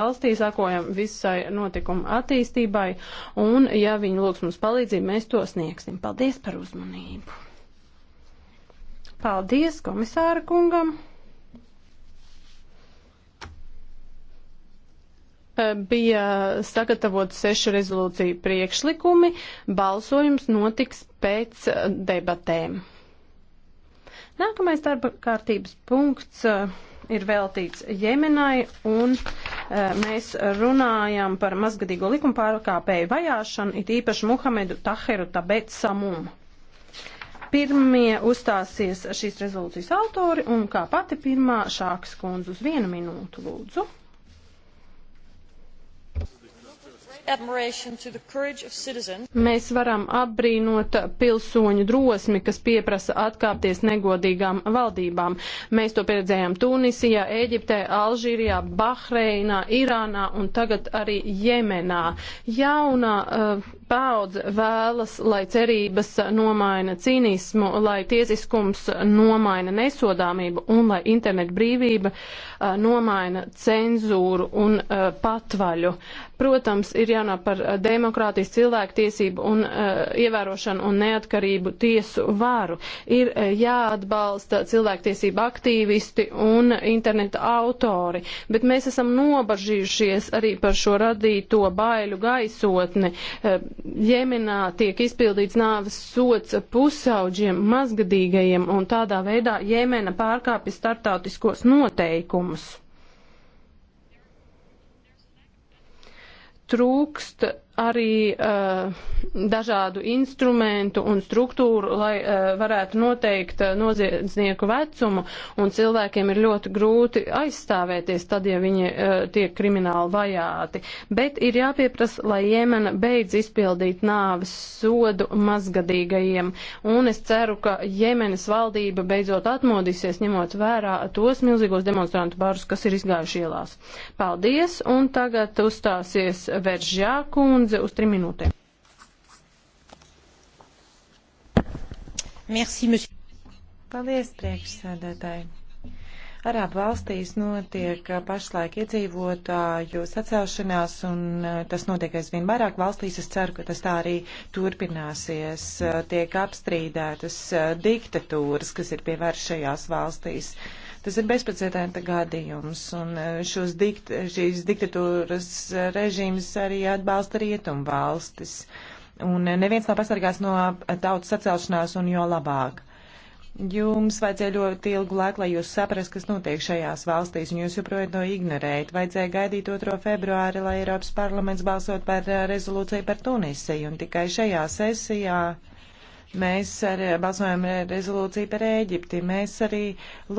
valstī sakojam visai notikuma attīstībai, un ja viņi lūgs mums palīdzību, mēs to sniegsim. Paldies par uzmanību. Paldies komisāra kungam. Eh, bija sagatavot sešu rezolūciju priekšlikumi, balsojums notiks pēc debatēm. Nākamais darba kārtības punkts eh, ir veltīts Jemenai un. Eh, mēs runājam par mazgadīgo likuma pārkāpēju vajāšanu, it īpaši Muhamedu Taheru Tabet Samumu. Pirmie uzstāsies šīs rezolūcijas autori un kā pati pirmā šāks kundze uz vienu minūtu lūdzu. Mēs varam apbrīnot pilsoņu drosmi, kas pieprasa atkāpties negodīgām valdībām. Mēs to pieredzējām Tunisijā, Ēģiptē, Alžīrijā, Bahreinā, Irānā un tagad arī Jemenā. Jaunā uh, paudze vēlas, lai cerības nomaina cīnismu, lai tiesiskums nomaina nesodāmību un lai internetu brīvība uh, nomaina cenzūru un uh, patvaļu. Protams, ir jānāk par demokrātijas cilvēktiesību un uh, ievērošanu un neatkarību tiesu varu. Ir uh, jāatbalsta cilvēktiesību aktīvisti un interneta autori, bet mēs esam nobažījušies arī par šo radīto baiļu gaisotni. Uh, Jemenā tiek izpildīts nāves sots pusauģiem, mazgadīgajiem, un tādā veidā Jemena pārkāpja startautiskos noteikumus. Trūkst arī uh, dažādu instrumentu un struktūru, lai uh, varētu noteikt eh, noziedznieku vecumu, un cilvēkiem ir ļoti grūti aizstāvēties tad, ja viņi uh, tiek krimināli vajāti. Bet ir jāpieprasa, lai Jemena beidz izpildīt nāves sodu mazgadīgajiem, un es ceru, ka Jemenas valdība beidzot atmodīsies, ņemot vērā tos milzīgos demonstrantu barus, kas ir izgājuši ielās. Paldies, un tagad uzstāsies Veržjākūna kundze uz trim minūtēm. Merci, monsieur. Paldies, priekšsēdētāji. Arābu valstīs notiek pašlaik iedzīvotāju sacelšanās, un tas notiek aizvien vairāk valstīs. Es ceru, ka tas tā arī turpināsies. Tiek apstrīdētas diktatūras, kas ir pie varas šajās valstīs. Tas ir bezprecedenta gadījums, un šos dikt, šīs diktatūras režīmas arī atbalsta rietumu valstis. Un neviens nav pasargās no tautas sacelšanās un jo labāk. Jums vajadzēja ļoti ilgu laiku, lai jūs saprastu, kas notiek šajās valstīs, un jūs joprojām to ignorējat. Vajadzēja gaidīt 2. februāri, lai Eiropas parlaments balsot par eh, rezolūciju par Tunisiju, un tikai šajā sesijā mēs arī balsojam rezolūciju par Ēģipti. Mēs arī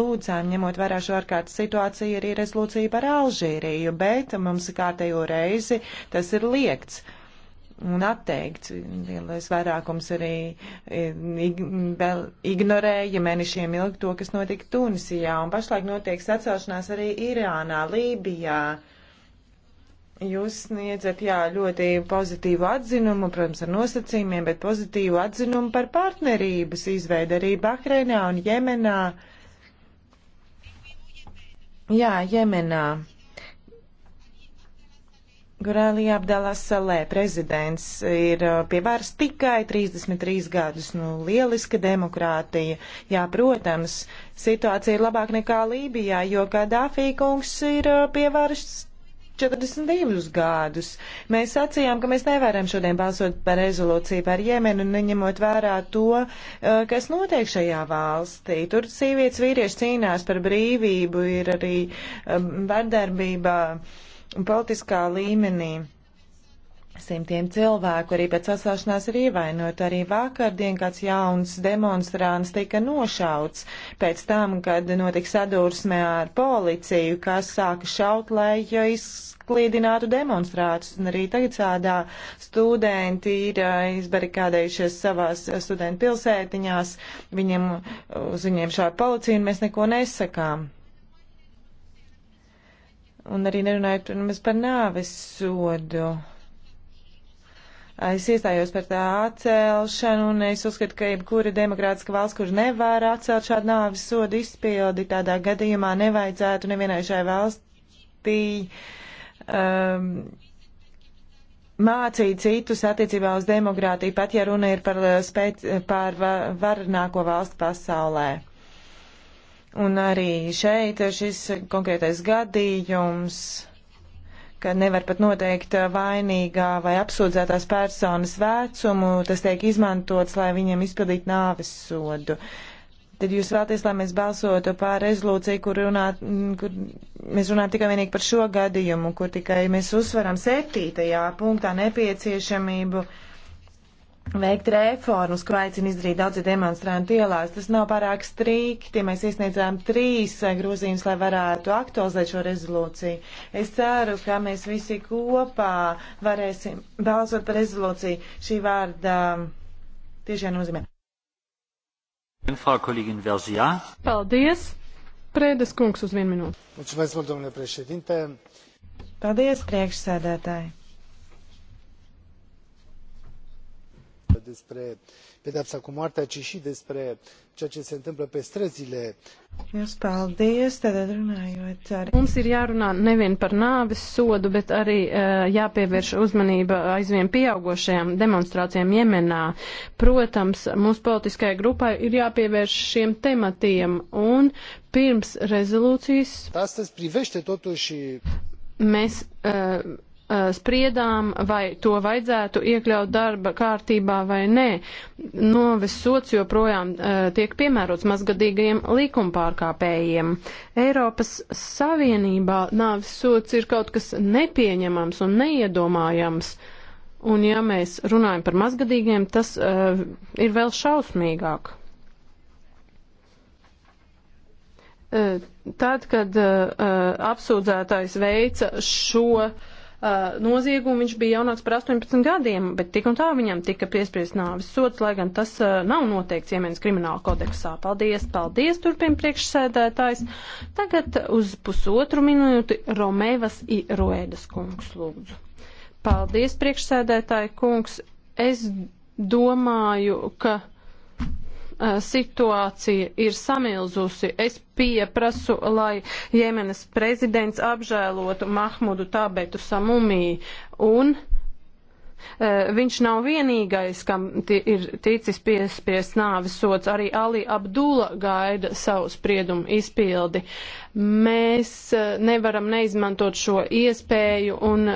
lūdzām, ņemot vērā šo ārkārtas situāciju, arī rezolūciju par Alžīriju, bet mums kārtējo reizi tas ir liekts un atteikts. Lielais vairākums arī e, ig vēl ignorēja mēnešiem ilgi to, kas notika Tunisijā, un pašlaik notiek sacelšanās arī Irānā, Lībijā. Jūs sniedzat, jā, ļoti pozitīvu atzinumu, protams, ar nosacījumiem, bet pozitīvu atzinumu par partnerības izveidu arī Bahreinā un Jemenā. Jā, Jemenā Gurālī Abdalas Salē prezidents ir uh, pie varas tikai 33 gadus. Nu, lieliska demokrātija. Jā, protams, situācija ir labāk nekā Lībijā, jo Kadāfī kungs ir uh, pie varas 42 gadus. Mēs sacījām, ka mēs nevaram šodien balsot par rezolūciju par Jemenu, neņemot vērā to, uh, kas notiek šajā valstī. Tur sievietes vīrieši cīnās par brīvību, ir arī um, vardarbība. Um, un politiskā līmenī. Simtiem cilvēku arī pēc sasāšanās ir ievainot. Arī vakardien kāds jauns demonstrāns tika nošauts pēc tam, kad notika sadursme ar policiju, kas sāka šaut, lai izklīdinātu demonstrātus. Un arī tagad sādā studenti ir izbarikādējušies savās studentu pilsētiņās, viņiem, uz viņiem šāda policija un mēs neko nesakām. Un arī nerunājot, protams, par nāves sodu. Es iestājos par tā atcelšanu, un es uzskatu, ka jebkura demokrātiska valsts, kur nevar atcelt šādu nāvis sodu izpildi, tādā gadījumā nevajadzētu nevienai šai valstī um, mācīt citus attiecībā uz demokrātiju, pat ja runa ir par, spēc, par varnāko valstu pasaulē. Un arī šeit šis konkrētais gadījums, ka nevar pat noteikt vainīgā vai apsūdzētās personas vecumu, tas tiek izmantots, lai viņiem izpildītu nāves sodu. Tad jūs vēlaties, lai mēs balsotu pār rezolūciju, kur, runā, kur mēs runājam tikai vienīgi par šo gadījumu, kur tikai mēs uzsveram septītajā punktā nepieciešamību uh, veikt reformas, ko aicina izdarīt daudzi demonstranti ielās. Tas nav pārāk strikti. Mēs iesniedzām trīs eh, grozījumus, lai varētu aktualizēt šo rezolūciju. Es ceru, ka mēs visi kopā varēsim balsot par rezolūciju šī vārda mm, tiešajā nozīmē. Paldies! Prēdes kungs uz vienu minūti. Paldies, priekšsēdētāji! despre pedeapsa cu moartea, ci și despre ceea ce se întâmplă pe străzile. Jūs paldies, tad runājot arī. Mums ir jārunā nevien par nāves sodu, bet arī uh, jāpievērš uzmanība aizvien pieaugošajām demonstrācijām Jemenā. Protams, mūsu politiskajai grupai ir jāpievērš šiem tematiem un pirms rezolūcijas. Astăzi privește totuși. Mēs uh, Uh, spriedām, vai to vajadzētu iekļaut darba kārtībā vai nē. Noves sots joprojām uh, tiek piemērots mazgadīgajiem likumpārkāpējiem. Eiropas Savienībā nāves sots ir kaut kas nepieņemams un neiedomājams. Un ja mēs runājam par mazgadīgiem, tas uh, ir vēl šausmīgāk. Uh, tad, kad uh, uh apsūdzētājs veica šo uh, uh, noziegumu, viņš bija jaunāks par 18 gadiem, bet tik un tā viņam tika piespriezt nāvis sots, lai gan tas uh, nav noteikts Jemenas krimināla kodeksā. Paldies, paldies, turpin priekšsēdētājs. Tagad uz pusotru minūti Romevas i Roēdas kungs lūdzu. Paldies, priekšsēdētāji kungs. Es domāju, ka Eh, situācija ir samilzusi. Es pieprasu, lai Jemenas prezidents apžēlotu Mahmudu Tābetu Samumī un eh, Viņš nav vienīgais, kam ir ticis piespiests nāves sots. Arī Ali Abdula gaida savu spriedumu izpildi. Mēs eh, nevaram neizmantot šo iespēju un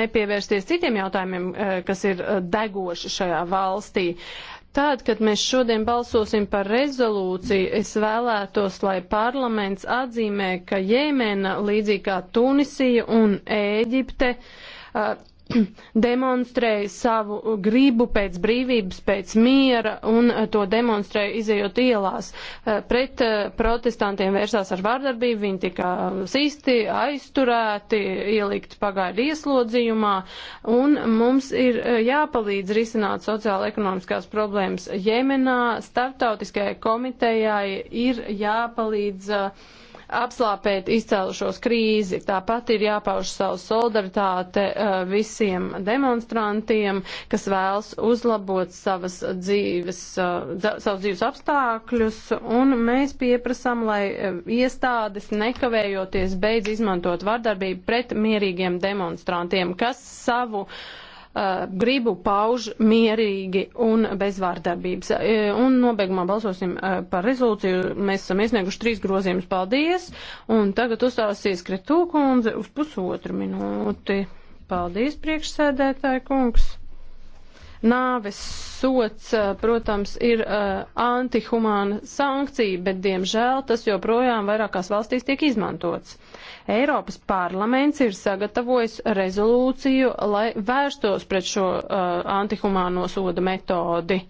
nepievērsties citiem jautājumiem, kas ir degoši šajā valstī. Tad, kad mēs šodien balsosim par rezolūciju, es vēlētos, lai parlaments atzīmē, ka Jēmena, līdzīgi kā Tunisija un Ēģipte, demonstrēja savu gribu pēc brīvības, pēc miera un to demonstrēja izējot ielās. Eh, pret eh, protestantiem vērsās ar vārdarbību, viņi tika sisti, aizturēti, ielikt pagaidu ieslodzījumā un mums ir eh, jāpalīdz risināt sociāla-ekonomiskās problēmas Jemenā. Startautiskajai komitejai ir jāpalīdz uh, apslāpēt izcēlušos krīzi. Tāpat ir jāpauž savu solidaritāte eh, visiem demonstrantiem, kas vēlas uzlabot savas dzīves, eh, savus dzīves apstākļus, un mēs pieprasām, lai eh, iestādes nekavējoties beidz izmantot vardarbību pret mierīgiem demonstrantiem, kas savu uh, Eh, gribu pauž mierīgi un bez vārdarbības. Eh, un nobeigumā balsosim eh, par rezolūciju. Mēs esam iesnieguši trīs grozījumus. Paldies! Un tagad uzstāsies Kretū kundze uz pusotru minūti. Paldies, priekšsēdētāji kungs! Nāves sots, eh, protams, ir uh, antihumāna sankcija, bet, diemžēl, tas joprojām vairākās valstīs tiek izmantots. Eiropas parlaments ir sagatavojis rezolūciju, lai vērstos pret šo uh, antihumāno soda metodi.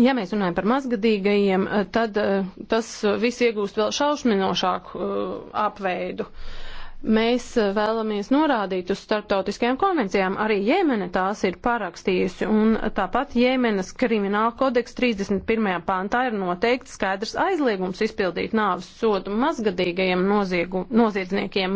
Ja mēs runājam par mazgadīgajiem, tad uh, tas viss iegūst vēl šaušminošāku uh, apveidu. Uh, Mēs eh, vēlamies norādīt uz starptautiskajām konvencijām. Arī Jēmene tās ir parakstījusi, un tāpat Jēmenes krimināla kodeks 31. pantā ir noteikts skaidrs aizliegums izpildīt nāvis sodu mazgadīgajiem noziegu, noziedzniekiem.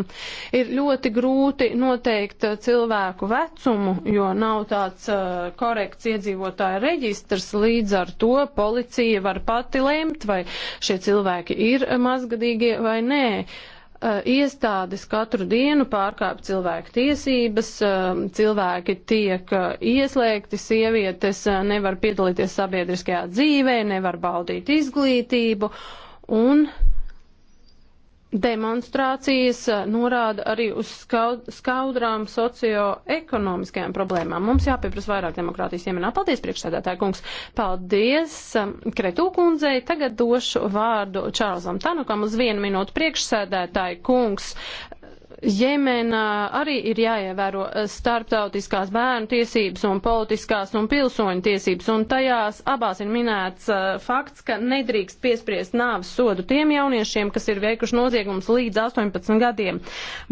Ir ļoti grūti noteikt eh, cilvēku vecumu, jo nav tāds uh, korekts iedzīvotāja reģistrs, līdz ar to policija var pati lemt, vai šie cilvēki ir mazgadīgie vai nē. Uh, Eh, iestādes katru dienu pārkāp cilvēku tiesības, eh, cilvēki tiek eh, ieslēgti, sievietes nevar piedalīties sabiedriskajā dzīvē, nevar baudīt izglītību un Demonstrācijas eh, norāda arī uz skaud, skaudrām socioekonomiskajām problēmām. Mums jāpieprasa vairāk demokrātijas iemenā. Paldies, priekšsēdētāji kungs. Paldies eh, Kretū kundzei. Tagad došu vārdu Čārlzam Tanukam uz vienu minūtu priekšsēdētāji kungs. Jemenā arī ir jāievēro eh, starptautiskās bērnu tiesības un politiskās un pilsoņu tiesības, un tajās abās ir minēts uh, fakts, ka nedrīkst piespriest nāves sodu tiem jauniešiem, kas ir veikuši noziegums līdz 18 gadiem.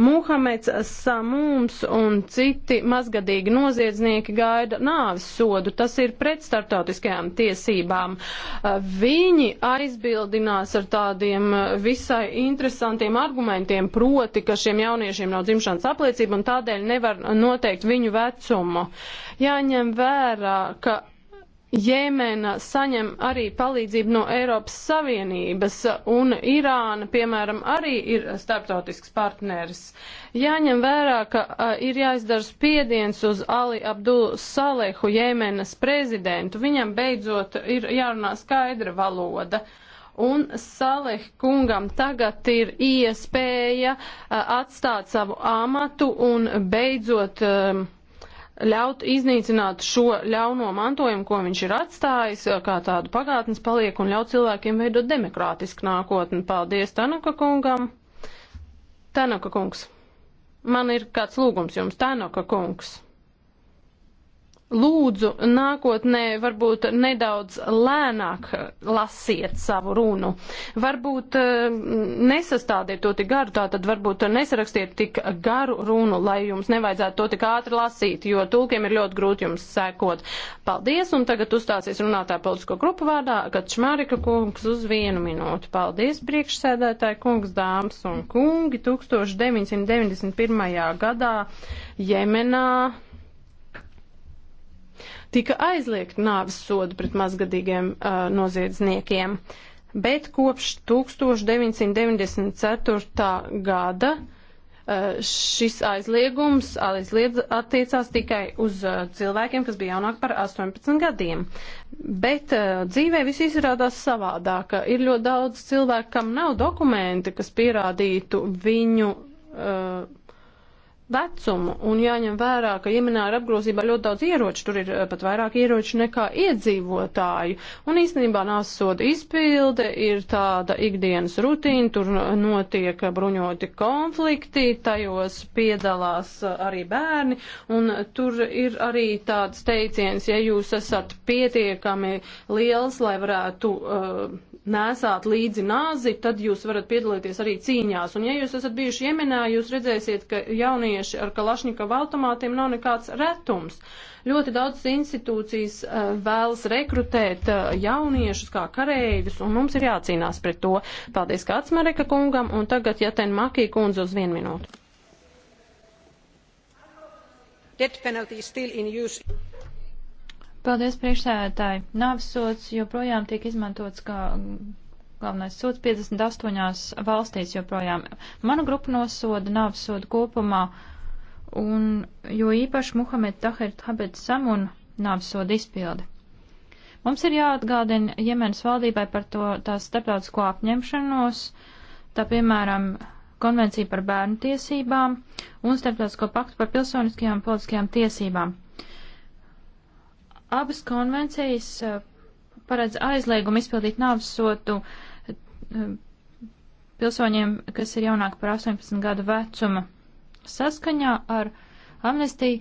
Muhameds Samums un citi mazgadīgi noziedznieki gaida nāves sodu, tas ir pret starptautiskajām tiesībām. Uh, viņi aizbildinās ar tādiem visai interesantiem argumentiem, proti, ka šiem jauniešiem jauniešiem nav dzimšanas apliecība un tādēļ nevar noteikt viņu vecumu. Jāņem vērā, ka Jēmena saņem arī palīdzību no Eiropas Savienības, un Irāna, piemēram, arī ir starptautisks partneris. Jāņem vērā, ka a, ir jāizdara spiediens uz Ali Abdul Salehu, Jēmenas prezidentu. Viņam beidzot ir jārunā skaidra valoda. Uh, un Saleh kungam tagad ir iespēja atstāt savu amatu un beidzot ļaut iznīcināt šo ļauno mantojumu, ko viņš ir atstājis, kā tādu pagātnes paliek un ļaut cilvēkiem veidot demokrātisku nākotni. Paldies Tanaka kungam. Tanaka kungs, man ir kāds lūgums jums, Tanaka kungs. Lūdzu, nākotnē varbūt nedaudz lēnāk lasiet savu runu. Varbūt eh, nesastādiet to tik garu, tātad varbūt nesarakstiet tik garu runu, lai jums nevajadzētu to tik ātri lasīt, jo tulkiem ir ļoti grūti jums sekot. Paldies, un tagad uzstāsies runātāja politisko grupu vārdā, kad Šmārika kungs uz vienu minūti. Paldies, priekšsēdētāji kungs, dāmas un kungi. 1991. gadā Jemenā tika aizliegt nāves sodu pret mazgadīgiem uh, noziedzniekiem. Bet kopš 1994. gada uh, šis aizliegums aizliedz, attiecās tikai uz uh, cilvēkiem, kas bija jaunāki par 18 gadiem. Bet uh, dzīvē viss izrādās savādāk. Ir ļoti daudz cilvēku, kam nav dokumenti, kas pierādītu viņu. Uh, vecumu un jāņem vērā, ka iemināra apgrozībā ļoti daudz ieroču, tur ir eh, pat vairāk ieroču nekā iedzīvotāju. Un īstenībā nās soda izpilde ir tāda ikdienas rutīna, tur notiek bruņoti konflikti, tajos piedalās eh, arī bērni, un tur ir arī tāds teiciens, ja jūs esat pietiekami liels, lai varētu uh, nesāt līdzi nāzi, tad jūs varat piedalīties arī cīņās. Un ja jūs esat bijuši Jemenā, jūs redzēsiet, ka jaunieši ar Kalašņikava automātiem nav nekāds retums. Ļoti daudz institūcijas eh, vēlas rekrutēt eh, jauniešus kā kareivis, un mums ir jācīnās pret to. Paldies Kācmareka kungam, un tagad Jaten Makī kundze uz vienu minūtu. Death penalty is still in use Paldies, priekšsēdētāji. Nāvsots joprojām tiek izmantots kā galvenais sots 58 valstīs joprojām. Manu grupu nosoda nāvsodu kopumā, un jo īpaši Muhamed Tahir Habed Samun nāvsodu izpildi. Mums ir jāatgādina Jemenas valdībai par to tās starptautisko apņemšanos, tā piemēram konvenciju par bērnu tiesībām un starptautisko paktu par pilsoniskajām un politiskajām tiesībām. Abas konvencijas uh, paredz aizliegumu izpildīt nāves sotu uh, pilsoņiem, kas ir jaunāki par 18 gadu vecuma. Saskaņā ar Amnesty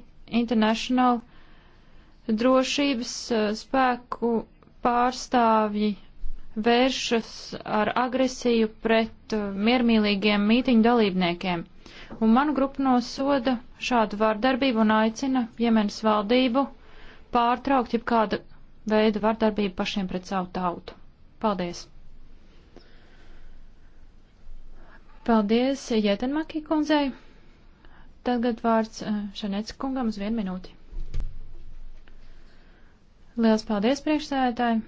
International drošības uh, spēku pārstāvji vēršas ar agresiju pret miermīlīgiem mītiņu dalībniekiem. Un manu grupu nosoda šādu vārdarbību un aicina Jemenas valdību pārtraukt jau kāda veida vardarbību pašiem pret savu tautu. Paldies! Paldies Jētenmakī kundzei. Tagad vārds eh, Šanets kungam uz vienu minūti. Liels paldies priekšsēdētāji!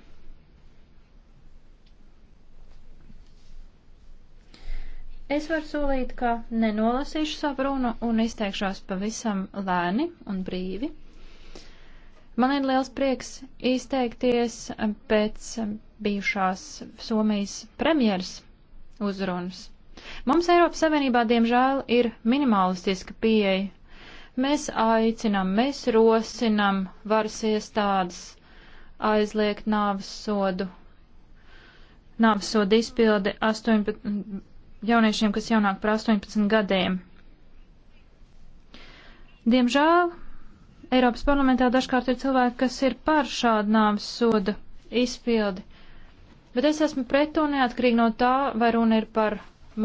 Es varu solīt, ka nenolasīšu savu runu un izteikšos pavisam lēni un brīvi. Man ir liels prieks izteikties pēc bijušās Somijas premjeras uzrunas. Mums Eiropas Savienībā, diemžēl, ir minimalistiska pieeja. Mēs aicinam, mēs rosinam varas iestādes aizliegt nāves sodu, nāves sodu izpildi 18, jauniešiem, kas jaunāk par 18 gadiem. Diemžēl Eiropas parlamentā dažkārt ir cilvēki, kas ir par šādu nāves soda izpildi. Bet es esmu pret to neatkarīgi no tā, vai runa ir par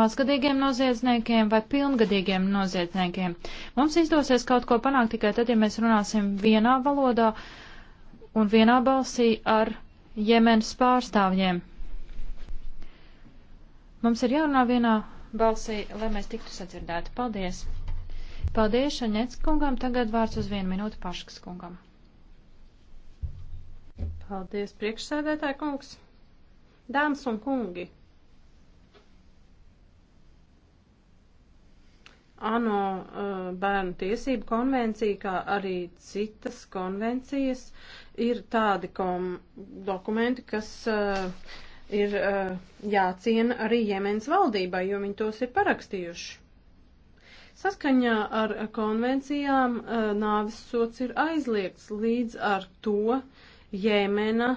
mazgadīgiem noziedzniekiem vai pilngadīgiem noziedzniekiem. Mums izdosies kaut ko panākt tikai tad, ja mēs runāsim vienā valodā un vienā balsī ar Jemenas pārstāvjiem. Mums ir jārunā vienā balsī, lai mēs tiktu sadzirdēti. Paldies! Paldies Šaņets kungam. Tagad vārds uz vienu minūtu Paškas kungam. Paldies, priekšsēdētāji kungs. Dāmas un kungi. ANO uh, bērnu tiesību konvencija, kā arī citas konvencijas, ir tādi kom, dokumenti, kas uh, ir uh, jāciena arī Jemenas valdībai, jo viņi tos ir parakstījuši. Saskaņā ar konvencijām eh, nāvis sots ir aizliegts līdz ar to Jēmena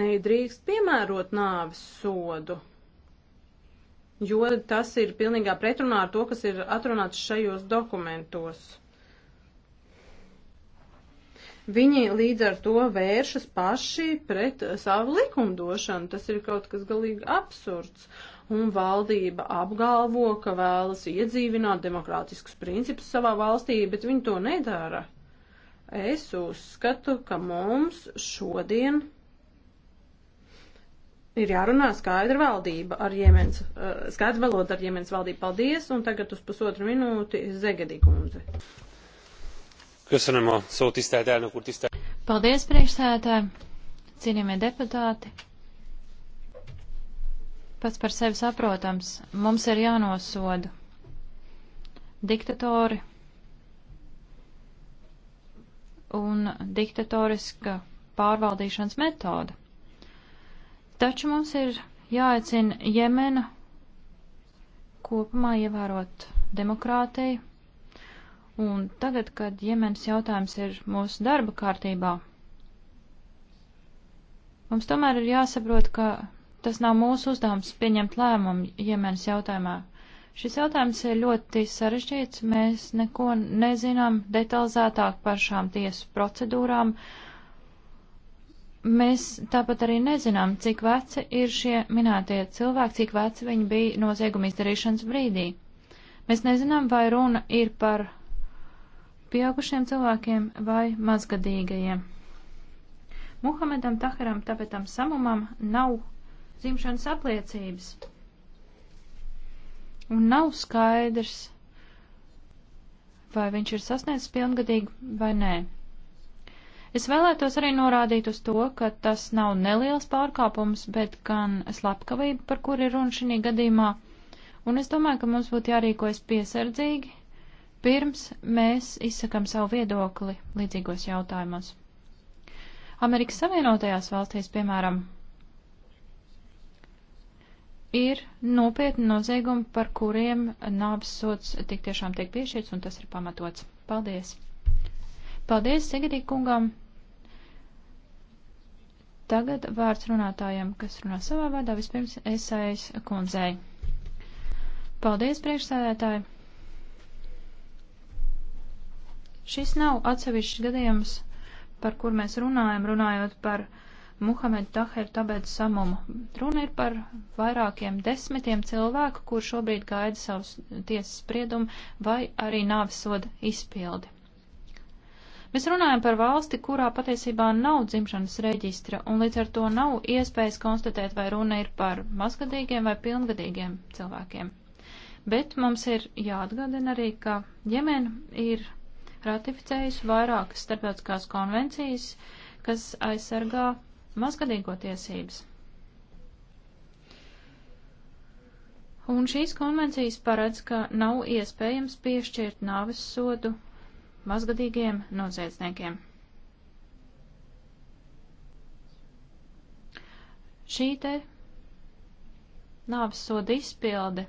nedrīkst piemērot nāvis sodu, jo tas ir pilnīgā pretrunā ar to, kas ir atrunāts šajos dokumentos. Viņi līdz ar to vēršas paši pret savu likumdošanu. Tas ir kaut kas galīgi absurds. Uh, un valdība apgalvo, ka vēlas iedzīvināt demokrātiskus principus savā valstī, bet viņi to nedara. Es uzskatu, ka mums šodien ir jārunā skaidra valdība ar Jemens, eh, skaidra valoda ar Jemens valdību. Paldies, un tagad uz pusotru minūti Zegedī kundze. Köszönöm a szót, tisztelt elnök úr, tisztelt. Paldies, priekšsēdētāji, cienījamie deputāti pats par sevi saprotams. Mums ir jānosoda diktatori un diktatoriska pārvaldīšanas metoda. Taču mums ir jāaicina Jemena kopumā ievērot demokrātiju. Un tagad, kad Jemenas jautājums ir mūsu darba kārtībā, mums tomēr ir jāsaprot, ka tas nav mūsu uzdevums pieņemt lēmumu Jemenas jautājumā. Šis jautājums ir ļoti sarežģīts, mēs neko nezinām detalizētāk par šām tiesu procedūrām. Mēs tāpat arī nezinām, cik veci ir šie minētie cilvēki, cik veci viņi bija nozieguma izdarīšanas brīdī. Mēs nezinām, vai runa ir par pieaugušiem cilvēkiem vai mazgadīgajiem. Muhamedam Taharam Tapetam Samumam nav dzimšanas apliecības. Un nav skaidrs, vai viņš ir sasniedzis pilngadīgu vai nē. Es vēlētos arī norādīt uz to, ka tas nav neliels pārkāpums, bet gan slepkavība, par kuru ir runa šī gadījumā, un es domāju, ka mums būtu jārīkojas piesardzīgi, pirms mēs izsakam savu viedokli līdzīgos jautājumos. Amerikas Savienotajās valstīs, piemēram, ir nopietni noziegumi, par kuriem nāves sots tik tiešām tiek piešķirts, un tas ir pamatots. Paldies! Paldies Sigrid kungam! Tagad vārds runātājiem, kas runā savā vārdā, vispirms esais kundzei. Paldies, priekšsēdētāji! Šis nav atsevišķs gadījums, par kur mēs runājam, runājot par uh, Muhamed Taher Tabed Samumu. Runa ir par vairākiem desmitiem cilvēku, kur šobrīd gaida savus tiesas spriedumu vai arī nāves soda izpildi. Mēs runājam par valsti, kurā patiesībā nav dzimšanas reģistra, un līdz ar to nav iespējas konstatēt, vai runa ir par mazgadīgiem vai pilngadīgiem cilvēkiem. Bet mums ir jāatgādina arī, ka Jemena ir ratificējusi vairākas starptautiskās konvencijas, kas aizsargā mazgadīgo tiesības. Un šīs konvencijas paredz, ka nav iespējams piešķirt nāves sodu mazgadīgiem noziedzniekiem. Šī te nāves soda izpilde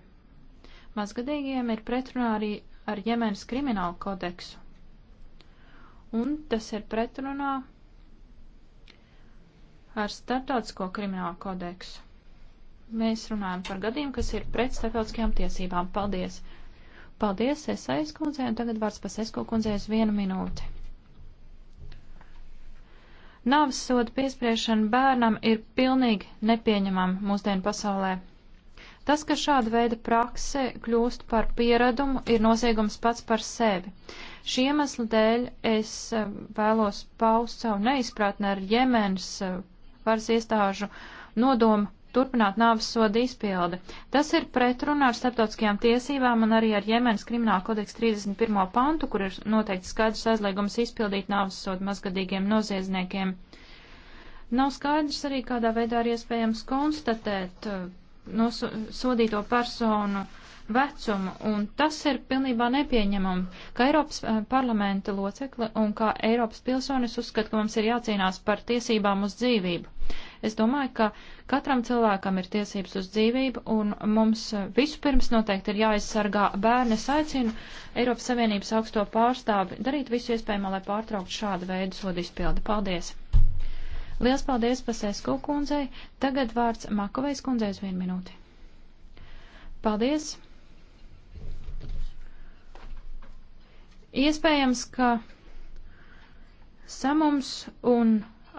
mazgadīgiem ir pretrunā arī ar Jemenas kriminālu kodeksu. Un tas ir pretrunā ar starptautisko kriminālu kodeksu. Mēs runājam par gadījumu, kas ir pret starptautiskajām tiesībām. Paldies! Paldies, Esais kundzei, un tagad vārds pas Esko kundzei uz vienu minūti. Nāves soda piespriešana bērnam ir pilnīgi nepieņemama mūsdienu pasaulē. Tas, ka šāda veida prakse kļūst par pieradumu, ir noziegums pats par sevi. Šī iemesla dēļ es eh, vēlos paust savu neizpratni ar Jemenas eh, varas iestāžu nodomu turpināt nāves soda izpildi. Tas ir pretrunā ar starptautiskajām tiesībām un arī ar Jemenas krimināla kodeksa 31. pantu, kur ir noteikti skaidrs aizliegums izpildīt nāves sodu mazgadīgiem noziedzniekiem. Nav skaidrs arī, kādā veidā ir iespējams konstatēt uh, nosodīto personu uh, vecumu, un tas ir pilnībā nepieņemami. Kā Eiropas eh, parlamenta locekli un kā Eiropas pilsonis uzskat, ka mums ir jācīnās par tiesībām uz dzīvību. Es domāju, ka katram cilvēkam ir tiesības uz dzīvību, un mums eh, vispirms noteikti ir jāaizsargā bērni. Es aicinu Eiropas Savienības augsto pārstāvi darīt visu iespējamo, lai pārtrauktu šādu veidu sodu izpildi. Paldies! Liels paldies Pasēsku kundzei. Tagad vārds Makovejs kundzei uz vienu minūti. Paldies! Iespējams, ka Samums un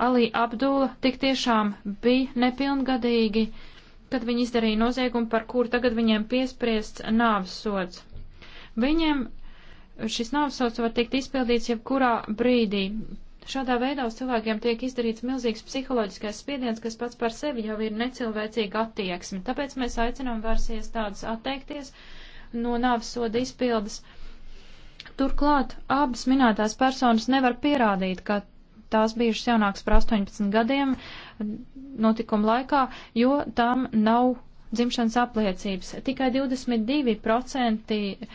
Alī Abdula tik tiešām bija nepilngadīgi, kad viņi izdarīja noziegumu, par kuru tagad viņiem piespriests nāves sods. Viņiem šis nāves sods var tikt izpildīts jebkurā brīdī. Šādā veidā uz cilvēkiem tiek izdarīts milzīgs psiholoģiskais spiediens, kas pats par sevi jau ir necilvēcīga attieksme. Tāpēc mēs aicinām varas iestādes atteikties no nāves soda izpildes. Uh, Turklāt abas minētās personas nevar pierādīt, ka tās bijušas jaunākas par 18 gadiem notikuma laikā, jo tām nav dzimšanas apliecības. Tikai 22% eh,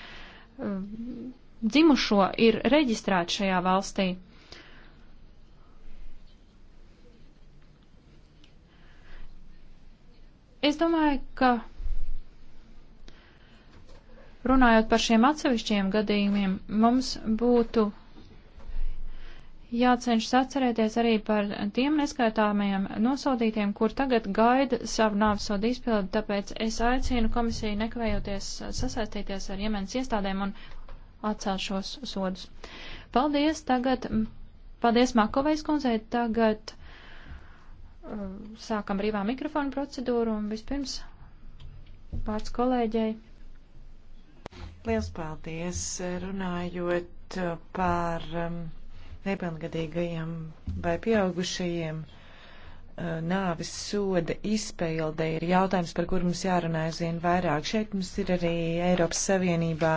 dzimušo ir reģistrēti šajā valstī. Es domāju, ka Runājot par šiem atsevišķiem gadījumiem, mums būtu jācenšas atcerēties arī par tiem neskaitāmajiem nosodītiem, kur tagad gaida savu nāvisodu izpildu, tāpēc es aicinu komisiju nekavējoties sasaistīties ar Jemenas iestādēm un atcelt šos sodus. Paldies tagad, paldies Makovais kundzei, tagad uh, sākam brīvā mikrofona procedūru un vispirms pārts kolēģei. Liels paldies! Runājot par um, nepilngadīgajiem vai pieaugušajiem, uh, nāvis soda izpilde ir jautājums, par kur mums jārunā aizvien vairāk. Šeit mums ir arī Eiropas Savienībā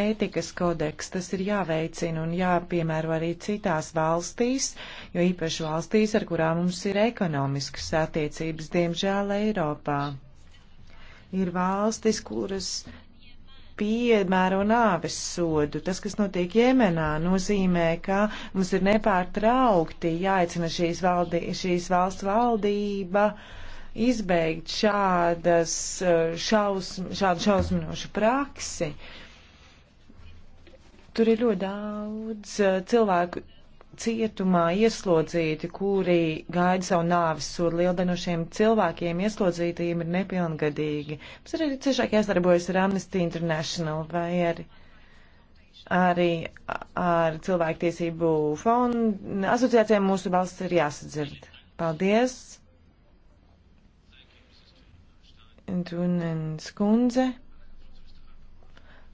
ētikas kodeks, tas ir jāveicina un jāpiemēro arī citās valstīs, jo īpaši valstīs, ar kurām mums ir ekonomiskas attiecības, diemžēl Eiropā ir valstis, kuras piemēro nāves sodu. Tas, kas notiek Jemenā, nozīmē, ka mums ir nepārtraukti jāicina šīs, valdi, šīs valsts valdība izbeigt šādas, eh, šaus, šādu šausminošu praksi. Tur ir ļoti daudz eh, cilvēku cietumā ieslodzīti, kuri gaida savu nāvis sodu. Liela no šiem cilvēkiem ieslodzītījiem ir nepilngadīgi. Mums ir arī ciešāk jāsadarbojas ar Amnesty International vai ar, arī ar cilvēktiesību fondu. Asociācijām mūsu balsts ir jāsadzird. Paldies! Tunens kundze.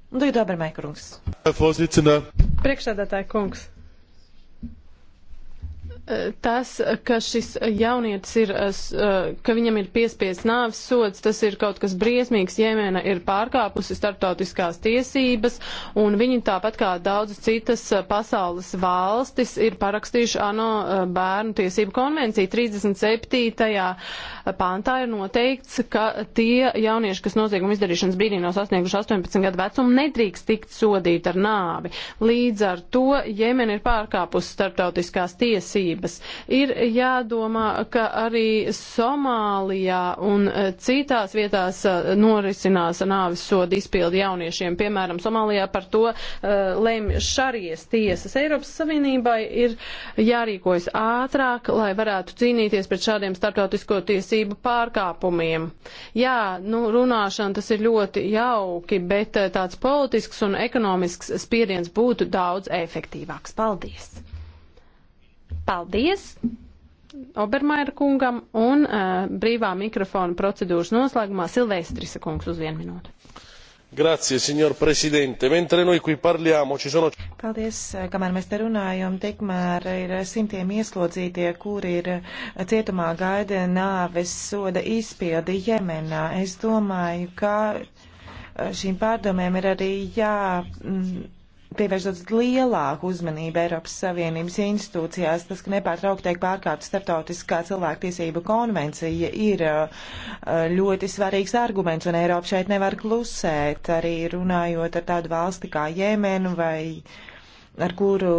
Un tagad Obermaikrungs. Priekšsēdētāja kungs tas, ka šis jaunietis ir, eh, eh, ka viņam ir piespiests nāves sods, tas ir kaut kas briesmīgs. Jemena ir pārkāpusi starptautiskās tiesības, un viņi tāpat kā daudzas citas eh, pasaules valstis ir parakstījuši ANO bērnu tiesību konvenciju. 37. pāntā ir noteikts, ka tie jaunieši, kas noziegumu izdarīšanas brīdī nav sasnieguši 18 gadu vecumu, nedrīkst tikt sodīti ar nāvi. Līdz ar to Jemena ir pārkāpusi starptautiskās tiesības vērtības. Ir jādomā, ka arī Somālijā un e, citās vietās e, norisinās nāvis sodu izpildi jauniešiem. Piemēram, Somālijā par to uh, e, lemj šarijas tiesas. Eiropas Savienībai ir jārīkojas ātrāk, lai varētu cīnīties pret šādiem starptautisko tiesību pārkāpumiem. Jā, nu, runāšana tas ir ļoti jauki, bet tāds politisks un ekonomisks spiediens būtu daudz efektīvāks. Paldies! Paldies! Obermaira kungam un uh, brīvā mikrofona procedūras noslēgumā Silvestrisa kungs uz vienu minūtu. Grazie, signor Presidente. Mentre noi qui parliamo, ci sono... Paldies, eh, kamēr mēs te runājam, tikmēr ir eh, simtiem ieslodzītie, kuri ir eh, cietumā gaida nāves soda izpildi Jemenā. Es domāju, ka šīm pārdomēm ir arī jā. Mm, pievēršot lielāku uzmanību Eiropas Savienības institūcijās, tas, ka nepārtraukt tiek pārkāpta starptautiskā cilvēktiesība konvencija, ir uh, ļoti svarīgs arguments, un Eiropa šeit nevar klusēt, arī runājot ar tādu valsti kā Jēmenu vai ar kuru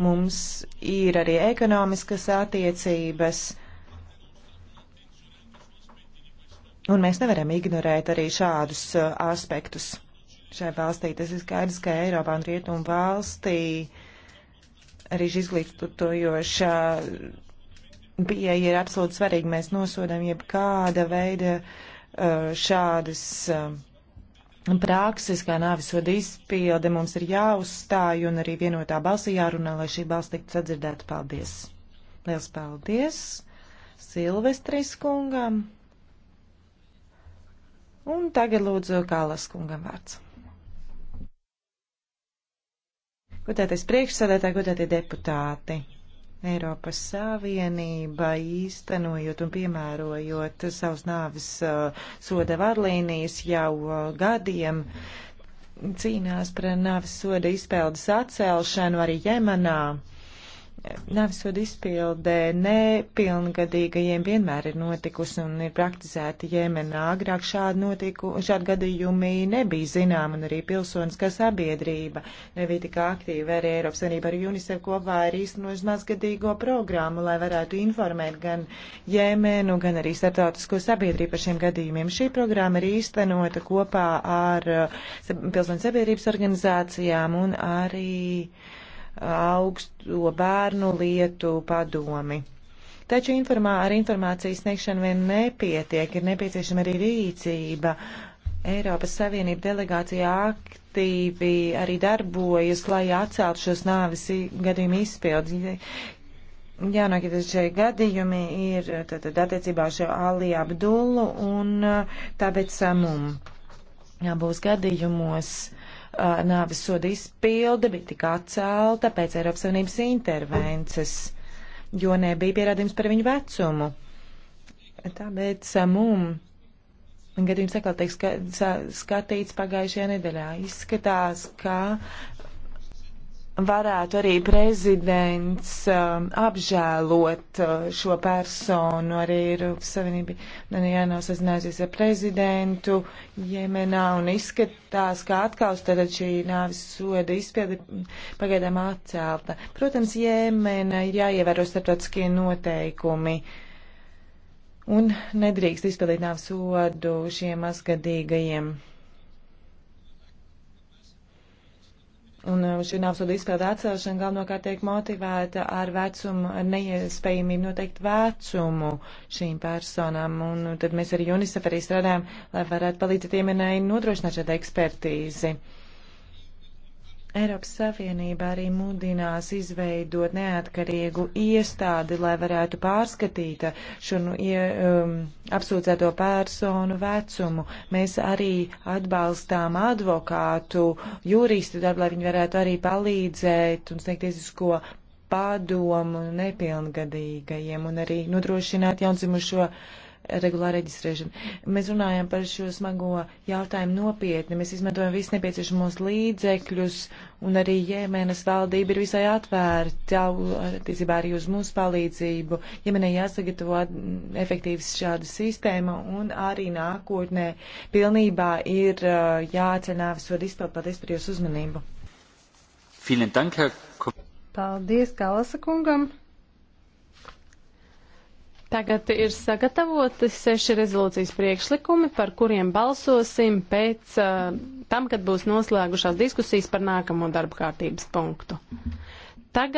mums ir arī ekonomiskas attiecības. Un mēs nevaram ignorēt arī šādus uh, aspektus šai valstī. Tas ir skaidrs, ka Eiropā un Rietumu valstī arī šī izglītojoša pieeja ir absolūti svarīga. Mēs nosodām jebkāda veida uh, šādas uh, prakses, kā nāvisoda izpilde, mums ir jāuzstāj un arī vienotā balsī jārunā, lai šī balss tiktu sadzirdēta. Paldies! Liels paldies Silvestris kungam! Un tagad lūdzu Kālas kungam vārds. Godētais priekšsēdētāji, godētie deputāti. Eiropas Savienība īstenojot un piemērojot savus nāvis uh, soda varlīnijas jau uh, gadiem cīnās par nāvis soda izpeldes atcelšanu arī Jemenā Nāvisodu izpildē nepilngadīgajiem vienmēr ir notikusi un ir praktizēta Jemenā. Agrāk šādi, notiku, šādi gadījumi nebija zinām un arī pilsoniskā sabiedrība nebija tik aktīva. Arī Eiropas Savienība ar UNICEF kopā ir īstenojusi mazgadīgo programmu, lai varētu informēt gan Jemenu, gan arī starptautisko sabiedrību par šiem gadījumiem. Šī programma ir īstenota kopā ar uh, pilsoniskās sabiedrības organizācijām un arī. Uh, augsto bērnu lietu padomi. Taču informā, ar informācijas sniegšanu vien nepietiek, ir nepieciešama arī rīcība. Eiropas Savienība delegācija aktīvi arī darbojas, lai atceltu šos nāvis gadījumu izpildi. Jānokietašie gadījumi ir tātad attiecībā šo Ali Abdullu un tāpēc samum. Jā, būs gadījumos. Uh, uh, nāves soda izpilde bija tik atcelta pēc Eiropas Savienības intervences, jo nebija pierādījums par viņu vecumu. Tāpēc samum. Um, Gadījums atkal tiek ska skatīts pagājušajā nedēļā. Izskatās, ka varētu arī prezidents um, apžēlot uh, šo personu. Arī Eiropas Savienība Danijāno sazinājusies ar prezidentu Jemenā un izskatās, ka atkal tad šī nāvis soda izpildi pagaidām atcelta. Protams, Jemena ir jāievēro starptautiskie noteikumi. Un nedrīkst izpildīt nāvis sodu šiem mazgadīgajiem. Un uh, šī nāvsoda izpilda atcelšana galvenokārt tiek motivēta ar vecumu, ar neiespējamību noteikt vecumu šīm personām. Un uh, tad mēs arī UNICEF arī strādājam, lai varētu palīdzēt iemienēji nodrošināt šādu ekspertīzi. Uh, Eiropas Savienība arī mudinās izveidot neatkarīgu iestādi, lai varētu pārskatīt šo nu, ie, um, apsūdzēto personu vecumu. Mēs arī atbalstām advokātu, juristu darbu, lai viņi varētu arī palīdzēt un sniegt tiesisko padomu nepilngadīgajiem un arī nodrošināt jaundzimušo. Nu, regulā reģistrēšana. Mēs runājam par šo smago jautājumu nopietni. Mēs izmantojam visus nepieciešamos līdzekļus, un arī Jēmenes valdība ir visai atvērta, attiecībā arī uz mūsu palīdzību. Jemenē jāsagatavo efektīvas šāda sistēma, un arī nākotnē pilnībā ir uh, jācenāvis var izpildīt. Paldies par jūsu uzmanību. Vielen Dank, Herr Paldies Kalasa kungam. Tagad ir sagatavoti seši rezolūcijas priekšlikumi, par kuriem balsosim pēc uh, tam, kad būs noslēgušās diskusijas par nākamo darba kārtības punktu. Tagad